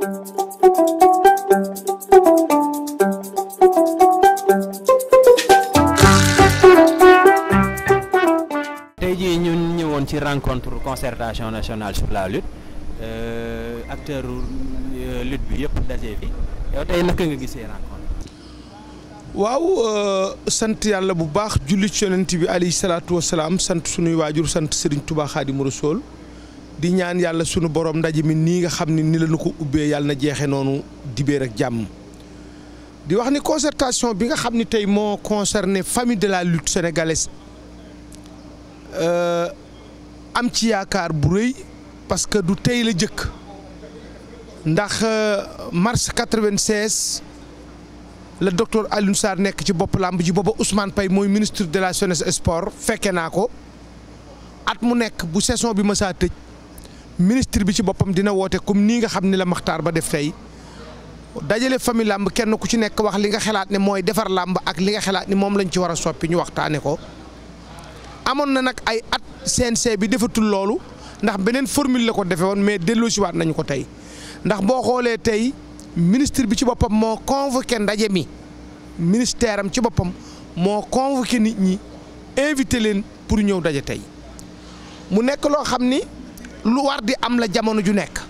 tey jii ñun ñëwoon ci rencontre concertation nationale sur la lutte euh, acteur euh, lutte bi yëpp daje bi yow tey naka nga gisee rencontre. waaw euh, sant yàlla bu baax jullit yonent bi alayhi salaatu wa sant suñuy waajur sant Serigne Touba Xaadimu Rasuul di ñaan yàlla sunu borom ndaje mi nii nga xam ne ni la ñu ko ubbee yàlla na jeexe noonu dibéer rek jàmm di wax ni concertation bi nga xam ni tey moo concerné famille de la lutte sénégalaise euh, am ci yaakaar bu rëy parce que du tey la jëkk ndax euh, mars 96 la docteur Alioune nekk ci bopp làmb ji booba Ousmane pay mooy ministre de la jeunesse et sport fekke naa ko at mu nekk bu saison bi ma saa tëj ministre bi ci boppam dina woote comme nii nga xam ni la maxtaar Ba def tey dajale famille làmb kenn ku ci nekk wax li nga xalaat ne mooy defar làmb ak li nga xalaat ni moom lañ ci war a soppi ñu waxtaane ko amoon na nag ay at CNC bi defatul loolu ndax beneen formule la ko defee woon mais delloosiwaat nañu ko tey ndax boo xoolee tey ministre bi ci boppam moo convoqué ndaje mi ministère am ci boppam moo convoqué nit ñi invité leen pour ñëw daje tey nekk loo xam ni lu war di am la jamono ju nekk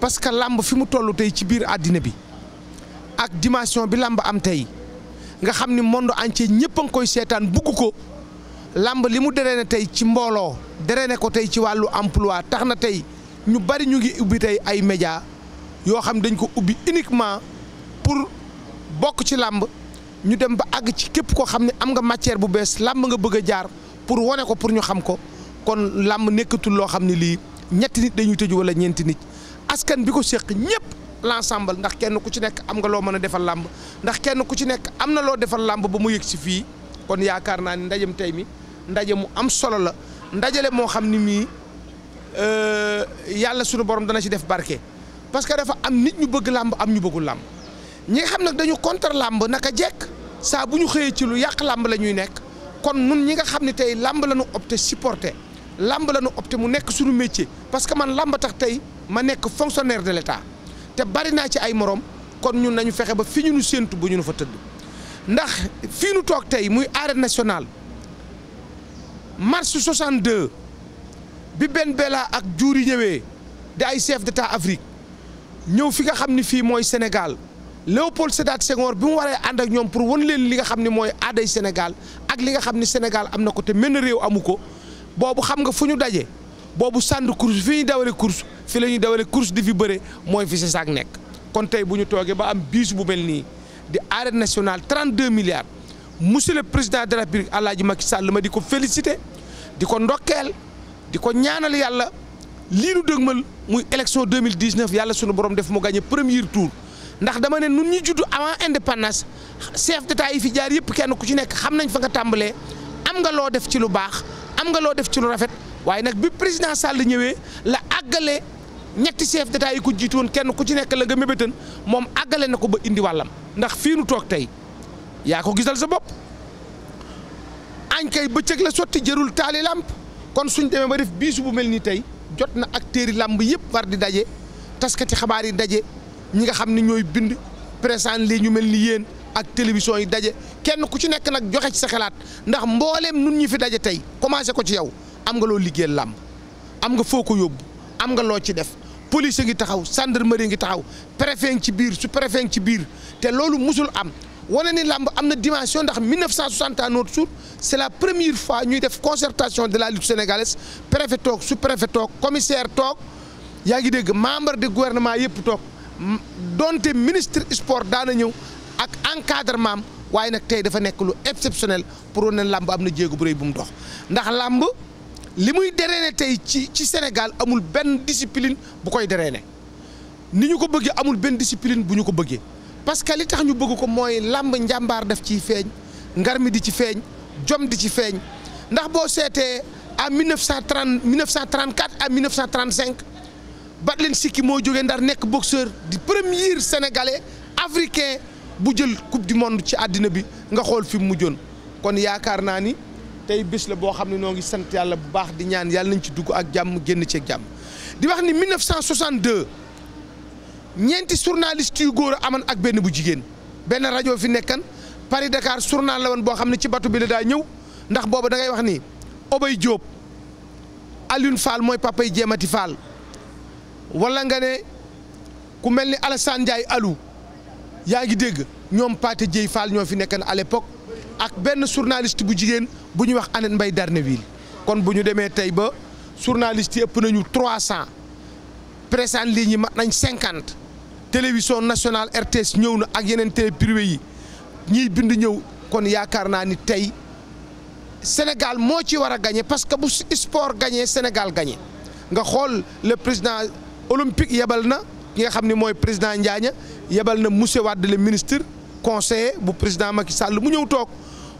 parce que làmb fi mu toll tey ci biir àddina bi ak dimension bi làmb am tey nga xam ni monde entier ñëpp a ngi koy seetaan bugg ko làmb li mu deree ne tey ci mbooloo deree ne ko tey ci wàllu emploi tax na tey ñu bari ñu ngi ubbi tey ay média yoo xam dañ ko ubbi uniquement pour bokk ci làmb ñu dem ba àgg ci képp koo xam ne am nga matière bu bees làmb nga bëgg a jaar pour wone ko pour ñu xam ko kon làmb nekkatul loo xam ne lii ñetti nit dañuy tëju wala ñeenti nit askan bi ko séq ñëpp l'ensemble ndax kenn ku ci nekk am nga loo mën a defal làmb ndax kenn ku ci nekk am na loo defal làmb ba mu yëg ci fii kon yaakaar naa ni ndajem tey mi ndaje mu am solo la ndajale moo xam ni mii euh, yàlla sunu borom dana ci def barke parce que dafa am nit ñu bëgg làmb am ñu bëggul làmb ñi nga xam nag dañu contre làmb naka jekk saa bu ñu xëyee ci lu yàq làmb la ñuy nekk kon nun ñi nga xam ne tey làmb la ñu opté làmb la ñu mu nekk suñu métier parce que man làmb tax tey ma nekk fonctionnaire de l'État te bari naa ci ay morom kon ñun nañu fexe ba fi ñu nu séentu bu ñu nu fa tëdd ndax fii nu toog tey muy arène nationale mars 62 bi benn Bella ak Diouri ñëwee di ay chef d'État Afrique ñëw fi nga xam ni fii mooy Sénégal Léopold Sédar Senghor bi mu waree ànd ak ñoom pour wan leen li nga xam ni mooy aaday Sénégal ak li nga xam ni Sénégal am na ko te menn réew amu ko boobu xam nga fu ñu daje boobu sànd course fi ñuy dawale course la ñuy dawale course di fi bëre mooy fi si nekk kon tey bu ñu toogee ba am biis bu mel nii di arène nationale 32 milliards monsieur le président de la République Alaaji Macky Sall ma di ko félicité di ko ndokkeel di ko ñaanal yàlla lii nu dëgmal muy élection 2019 yàlla sunu borom def mu gagné premier tour ndax dama ne nu ñu judd avant indépendance chef d'état yi fi jaar yëpp kenn ku ci nekk xam nañ fa nga tàmbalee am nga loo def ci lu baax am nga loo def ci lu rafet waaye nag bi président Sall ñëwee la àggale ñetti seef d'état yi ko jiitu woon kenn ku ci nekk la nga mébétan moom àggale na ko ba indi wàllam ndax fii nu toog tey yaa ko gisal sa bopp añ kay bëccëg la sotti jarul taali làmp kon suñ demee ba def biisu bu mel nii tey jot na ak yi làmb yëpp war di daje taskati xabaar yi daje ñi nga xam ne ñooy bind présent li ñu mel ni yéen ak télévision yi daje kenn ku ci nekk nag joxe ci sa xalaat ndax mbooleem nun ñi fi daje tey commencé ko ci yow am nga loo liggéey làmb am nga foo ko yóbbu am nga loo ci def police ngi taxaw gendarmerie ngi taxaw préfet ngi ci biir su préfet ngi ci biir te loolu musul am wane ni làmb am na dimension ndax 1960 à notre jour c'est la première fois ñuy def concertation de la lutte sénégalaise préfet toog sous préfet toog commissaire toog yaa ngi dégg membre du gouvernement yëpp toog donte ministre sport daana ñëw ak encadrement waaye nag tey dafa nekk lu exceptionnel pour wane ne làmb am na jéego bu rëy bu mu dox ndax làmb li muy drainer tey ci ci Sénégal amul benn discipline bu koy drainer ni ñu ko bëggee amul benn discipline bu ñu ko bëggee parce que li tax ñu bëgg ko mooy làmb njàmbaar def ci feeñ ngar mi di ci feeñ jom di ci feeñ ndax boo seetee à 1930 1934 à 1935 Batlen Siki moo jógee Ndar nekk boxeur di premier sénégalais africain. bu jël coupe du monde ci àddina bi nga xool fi mu mujjoon kon yaakaar naa ni tey bés la boo xam ne noo ngi sant yàlla bu baax di ñaan yàlla nañ ci dugg ak jàmm génn ci jàmm di wax ni 1962 ñeenti journaliste yu góor a amoon ak benn bu jigéen benn rajo fi nekkan Paris Dakar journal la woon boo xam ne ci bateau bi la daa ñëw ndax boobu dangay wax ni Obay jóob Alioune Fall mooy papay Jéemati Fall wala nga ne ku mel ni Alassane Ndiaye Alou yaa ngi dégg ñoom Pathé Dieye Fall ñoo fi nekkan à l'époque ak benn journaliste bu jigéen bu ñu wax Annette Mbaye Darneville kon bu ñu demee tey ba journaliste yi ëpp nañu trois cent presse en ligne yi mat nañ cinquante télévision nationale RTS ñëw na ak yeneen télé privé yi ñiy bind ñëw kon yaakaar naa ni tey Sénégal moo ci war a gagné parce que bu sport gagné Sénégal gañe nga xool le président olympique yebal na ki nga xam ni mooy président Njaaña yebal na monsieur Wade le ministre conseiller bu président Macky Sall mu ñëw toog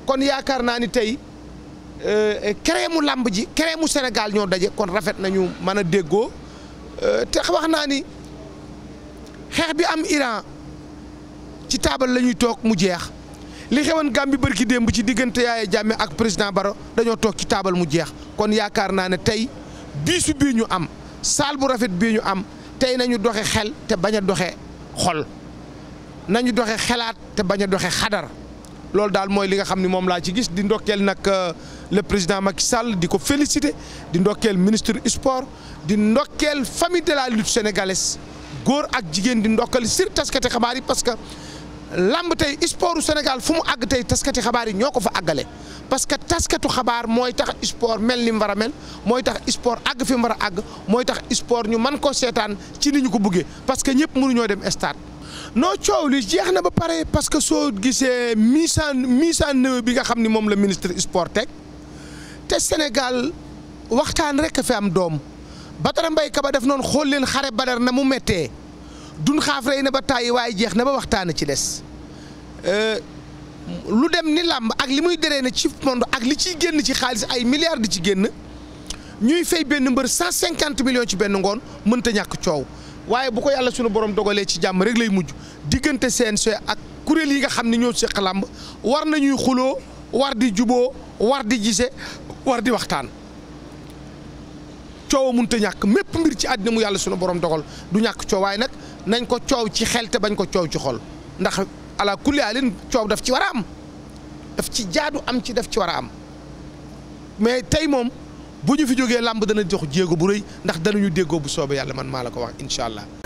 kon yaakaar naa ni tey euh, créé mu làmb ji créé mu Sénégal ñoo daje kon rafet nañu mën a déggoo euh, te wax naa ni xeex bi am Iran ci taabal lañuy toog mu jeex li xewoon Gàmbi bërki démb ci diggante Yaya Jammeh ak président Baro dañoo toog ci taabal mu jeex kon yaakaar naa ne tey biisu bii ñu am saal bu rafet bii ñu am tey nañu doxe xel te bañ a doxe xol nañu doxe xelaat te bañ a doxe xadar loolu daal mooy li nga xam ni moom laa ci gis di ndokkeel nag euh, le président Macky Sall di ko félicité di ndokkeel ministre sport di ndokkeel famille de la lutte sénégalaise góor ak jigéen di ndokkal sur taskati xabaar yi parce que lamb tey sportu Sénégal fu mu àgg tey taskati xabaar yi ñoo ko fa àggale parce que taskatu xabaar mooy tax sport mel ni mu war a mel mooy tax sport àgg fi mu war àgg mooy tax sport ñu mën ko seetaan ci ni ñu ko buggee parce que ñëpp mënuñoo dem stade. non coow li jeex na ba pare parce que soo gisee mise en mise en bi nga xam ni moom la ministre sport teg te Sénégal waxtaan rek a am doom Badara Mbaye Kaba def noonu xool leen xare Badar na mu méttee dun xaaf rey na ba tàyyi waaye jeex na ba waxtaan a ci des euh, lu dem ni làmb ak li muy deree na ci monde ak li ciy génn ci xaalis ay milliards di ci génn ñuy fay benn mbër cent cinquante millions ci benn ngoon mënta ñàkk coow. waaye bu ko yàlla sunu borom dogalee ci jàmm rek lay mujj diggante CNG ak kuréel yi nga xam ne ñoo seq làmb war nañuy xuloo war di juboo war di gise war di waxtaan coow mënut a ñàkk mépp mbir ci àddina mu yàlla sunu borom dogal du ñàkk coow waaye nag nañ ko coow ci xel te bañ ko coow ci xol ndax ala kulli alin coow daf ci war a am daf ci jaadu am ci def ci war a am mais tey moom. bu ñu fi jógee làmb dana jox jéego bu rëy ndax danañu déggoo bu soobee yàlla man maa la ko wax incha allah.